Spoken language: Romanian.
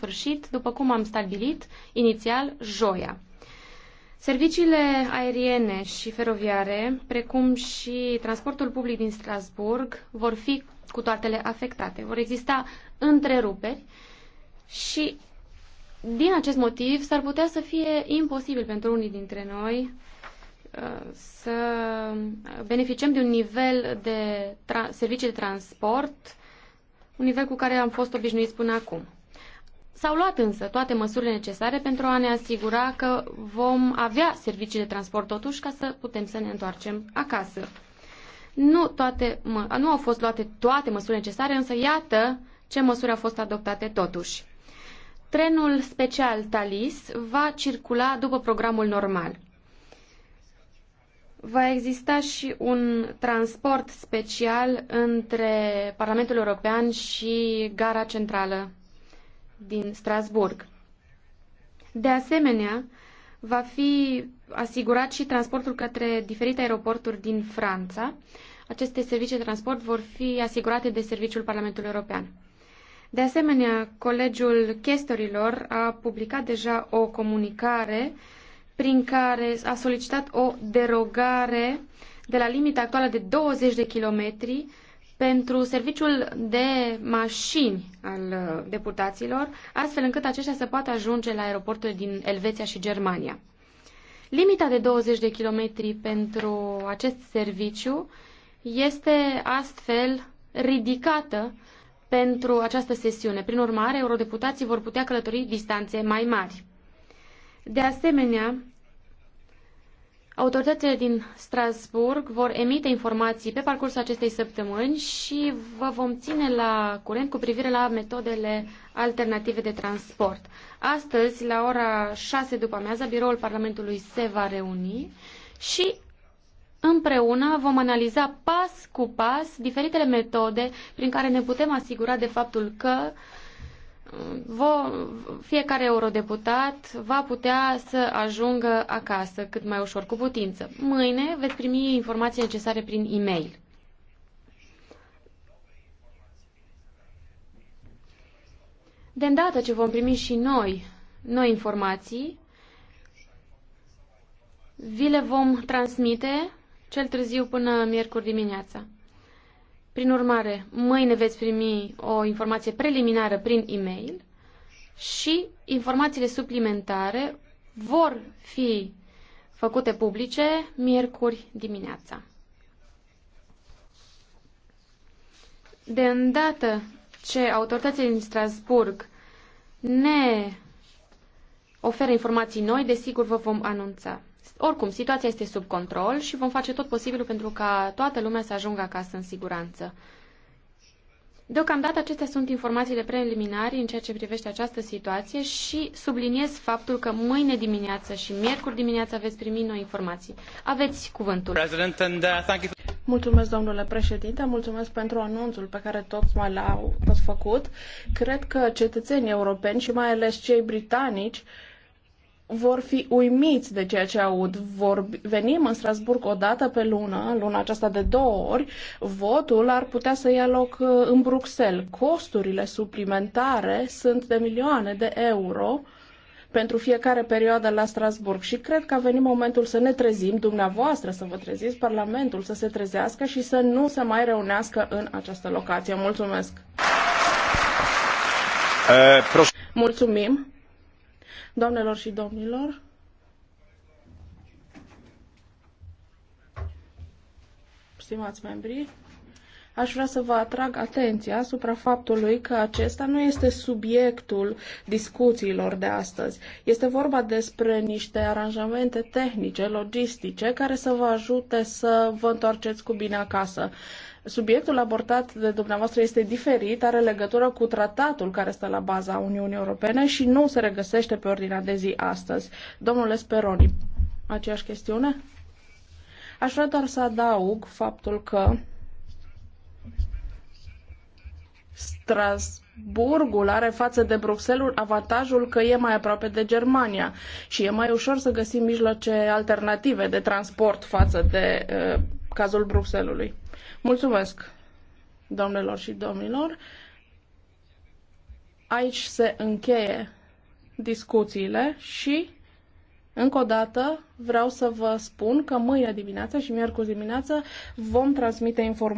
sfârșit, după cum am stabilit inițial, joia. Serviciile aeriene și feroviare, precum și transportul public din Strasburg, vor fi cu toatele afectate. Vor exista întreruperi și din acest motiv s-ar putea să fie imposibil pentru unii dintre noi uh, să beneficiem de un nivel de servicii de transport, un nivel cu care am fost obișnuiți până acum. S-au luat însă toate măsurile necesare pentru a ne asigura că vom avea servicii de transport totuși ca să putem să ne întoarcem acasă. Nu, toate, nu au fost luate toate măsurile necesare, însă iată ce măsuri au fost adoptate totuși. Trenul special Talis va circula după programul normal. Va exista și un transport special între Parlamentul European și gara centrală din Strasburg. De asemenea, va fi asigurat și transportul către diferite aeroporturi din Franța. Aceste servicii de transport vor fi asigurate de Serviciul Parlamentului European. De asemenea, Colegiul Chestorilor a publicat deja o comunicare prin care a solicitat o derogare de la limita actuală de 20 de kilometri pentru serviciul de mașini al uh, deputaților, astfel încât aceștia să poată ajunge la aeroporturi din Elveția și Germania. Limita de 20 de kilometri pentru acest serviciu este astfel ridicată pentru această sesiune. Prin urmare, eurodeputații vor putea călători distanțe mai mari. De asemenea, Autoritățile din Strasburg vor emite informații pe parcursul acestei săptămâni și vă vom ține la curent cu privire la metodele alternative de transport. Astăzi, la ora 6 după amiază biroul Parlamentului se va reuni și împreună vom analiza pas cu pas diferitele metode prin care ne putem asigura de faptul că uh, vo, fiecare eurodeputat va putea să ajungă acasă cât mai ușor cu putință. Mâine veți primi informații necesare prin e-mail. De îndată ce vom primi și noi noi informații, vi le vom transmite cel târziu până miercuri dimineața. Prin urmare, mâine veți primi o informație preliminară prin e-mail și informațiile suplimentare vor fi făcute publice miercuri dimineața. De îndată ce autoritățile din Strasburg ne oferă informații noi, desigur vă vom anunța. Oricum, situația este sub control și vom face tot posibilul pentru ca toată lumea să ajungă acasă în siguranță. Deocamdată acestea sunt informațiile preliminare în ceea ce privește această situație și subliniez faptul că mâine dimineață și miercuri dimineață veți primi noi informații. Aveți cuvântul. Uh, mulțumesc, domnule președinte, mulțumesc pentru anunțul pe care toți mai l-au făcut. Cred că cetățenii europeni și mai ales cei britanici vor fi uimiți de ceea ce aud. Vor venim în Strasburg o dată pe lună, luna aceasta de două ori, votul ar putea să ia loc uh, în Bruxelles. Costurile suplimentare sunt de milioane de euro pentru fiecare perioadă la Strasburg și cred că a venit momentul să ne trezim, dumneavoastră să vă treziți, Parlamentul să se trezească și să nu se mai reunească în această locație. Mulțumesc! Uh, Mulțumim! Doamnelor și domnilor, stimați membri, aș vrea să vă atrag atenția asupra faptului că acesta nu este subiectul discuțiilor de astăzi. Este vorba despre niște aranjamente tehnice, logistice, care să vă ajute să vă întoarceți cu bine acasă. Subiectul abordat de dumneavoastră este diferit, are legătură cu tratatul care stă la baza Uniunii Europene și nu se regăsește pe ordinea de zi astăzi. Domnule Speroni, aceeași chestiune? Aș vrea doar să adaug faptul că Strasburgul are față de Bruxelles avantajul că e mai aproape de Germania și e mai ușor să găsim mijloace alternative de transport față de uh, cazul Bruxellesului. Mulțumesc, domnilor și domnilor. Aici se încheie discuțiile și încă o dată vreau să vă spun că mâine dimineață și miercuri dimineață vom transmite informații